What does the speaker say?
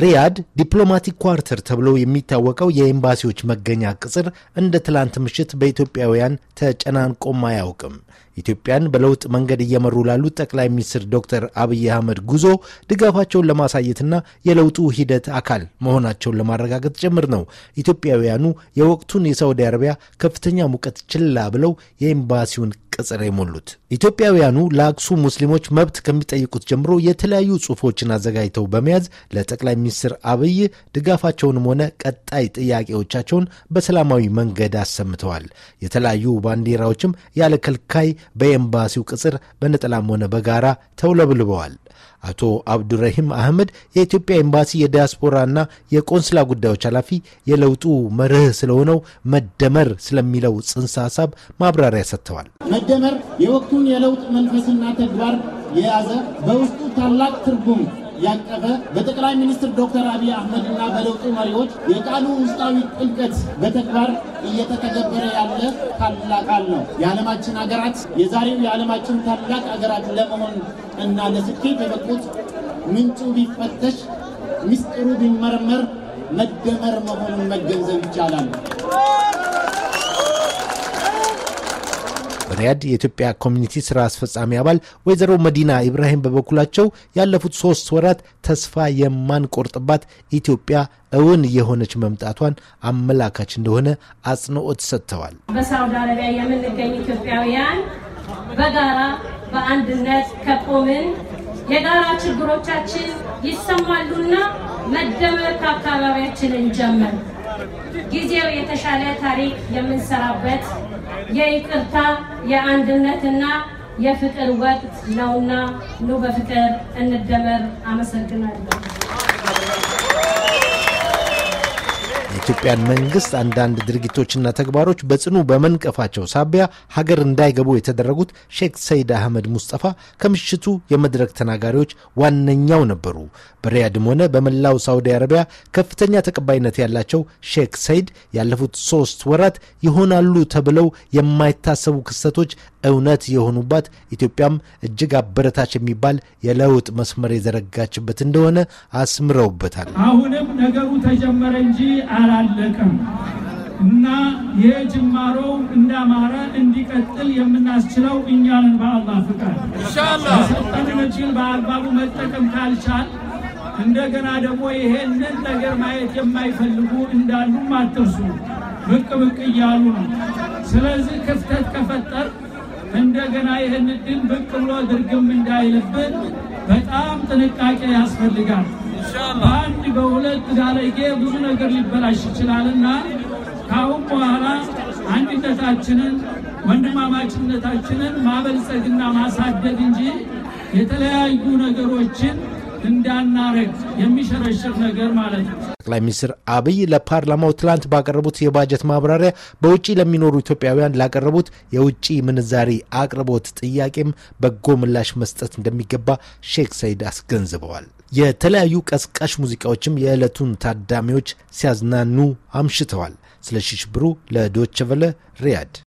ሪያድ ዲፕሎማቲክ ኳርተር ተብሎ የሚታወቀው የኤምባሲዎች መገኛ ቅጽር እንደ ትላንት ምሽት በኢትዮጵያውያን ተጨናንቆም አያውቅም። ኢትዮጵያን በለውጥ መንገድ እየመሩ ላሉት ጠቅላይ ሚኒስትር ዶክተር አብይ አህመድ ጉዞ ድጋፋቸውን ለማሳየትና የለውጡ ሂደት አካል መሆናቸውን ለማረጋገጥ ጭምር ነው። ኢትዮጵያውያኑ የወቅቱን የሳውዲ አረቢያ ከፍተኛ ሙቀት ችላ ብለው የኤምባሲውን ቅጽር የሞሉት ኢትዮጵያውያኑ ለአክሱም ሙስሊሞች መብት ከሚጠይቁት ጀምሮ የተለያዩ ጽሑፎችን አዘጋጅተው በመያዝ ለጠቅላይ ሚኒስትር አብይ ድጋፋቸውንም ሆነ ቀጣይ ጥያቄዎቻቸውን በሰላማዊ መንገድ አሰምተዋል። የተለያዩ ባንዲራዎችም ያለ ከልካይ በኤምባሲው ቅጽር በነጠላም ሆነ በጋራ ተውለብልበዋል። አቶ አብዱረሂም አህመድ የኢትዮጵያ ኤምባሲ የዲያስፖራና የቆንስላ ጉዳዮች ኃላፊ የለውጡ መርህ ስለሆነው መደመር ስለሚለው ጽንሰ ሀሳብ ማብራሪያ ሰጥተዋል። መደመር የወቅቱን የለውጥ መንፈስና ተግባር የያዘ በውስጡ ታላቅ ትርጉም ያቀፈ በጠቅላይ ሚኒስትር ዶክተር አብይ አህመድ እና በለውጡ መሪዎች የቃሉ ውስጣዊ ጥልቀት በተግባር እየተተገበረ ያለ ታላቅ ቃል ነው። የዓለማችን አገራት የዛሬው የዓለማችን ታላቅ ሀገራት ለመሆን እና ለስኬት የበቁት ምንጩ ቢፈተሽ ምስጢሩ ቢመረመር መደመር መሆኑን መገንዘብ ይቻላል። በሪያድ የኢትዮጵያ ኮሚኒቲ ስራ አስፈጻሚ አባል ወይዘሮ መዲና ኢብራሂም በበኩላቸው ያለፉት ሶስት ወራት ተስፋ የማንቆርጥባት ኢትዮጵያ እውን የሆነች መምጣቷን አመላካች እንደሆነ አጽንኦት ሰጥተዋል። በሳውዲ አረቢያ የምንገኝ ኢትዮጵያውያን በጋራ በአንድነት ከቆምን የጋራ ችግሮቻችን ይሰማሉና መደመር ከአካባቢያችን እንጀምር። ጊዜው የተሻለ ታሪክ የምንሰራበት የይቅርታ የአንድነትና የፍቅር ወቅት ነውና ኑ በፍቅር እንደመር። አመሰግናለሁ። የኢትዮጵያን መንግስት አንዳንድ ድርጊቶችና ተግባሮች በጽኑ በመንቀፋቸው ሳቢያ ሀገር እንዳይገቡ የተደረጉት ሼክ ሰይድ አህመድ ሙስጠፋ ከምሽቱ የመድረክ ተናጋሪዎች ዋነኛው ነበሩ። በሪያድም ሆነ በመላው ሳውዲ አረቢያ ከፍተኛ ተቀባይነት ያላቸው ሼክ ሰይድ ያለፉት ሶስት ወራት ይሆናሉ ተብለው የማይታሰቡ ክስተቶች እውነት የሆኑባት ኢትዮጵያም እጅግ አበረታች የሚባል የለውጥ መስመር የዘረጋችበት እንደሆነ አስምረውበታል። አሁንም ነገሩ ተጀመረ እንጂ አላለቀም እና የጅማሮው እንዳማረ እንዲቀጥል የምናስችለው እኛንን በአላህ ፍቃድ ሰጠን በአግባቡ መጠቀም ካልቻል እንደገና ደግሞ ይሄንን ነገር ማየት የማይፈልጉ እንዳሉም አትርሱ። ብቅ ብቅ እያሉ ነው። ስለዚህ ክፍተት ከፈጠር እንደገና ይህን ድል ብቅ ብሎ ድርግም እንዳይልብን በጣም ጥንቃቄ ያስፈልጋል። በአንድ በሁለት ዳረጌ ብዙ ነገር ሊበላሽ ይችላልና ከአሁን በኋላ አንድነታችንን ወንድማማችነታችንን ማበልጸግና ማሳደግ እንጂ የተለያዩ ነገሮችን እንዳናረግ የሚሸረሽር ነገር ማለት ነው። ጠቅላይ ሚኒስትር አብይ ለፓርላማው ትላንት ባቀረቡት የባጀት ማብራሪያ በውጭ ለሚኖሩ ኢትዮጵያውያን ላቀረቡት የውጭ ምንዛሪ አቅርቦት ጥያቄም በጎ ምላሽ መስጠት እንደሚገባ ሼክ ሰይድ አስገንዝበዋል። የተለያዩ ቀስቃሽ ሙዚቃዎችም የዕለቱን ታዳሚዎች ሲያዝናኑ አምሽተዋል። ስለ ሽሽብሩ ለዶቸቨለ ሪያድ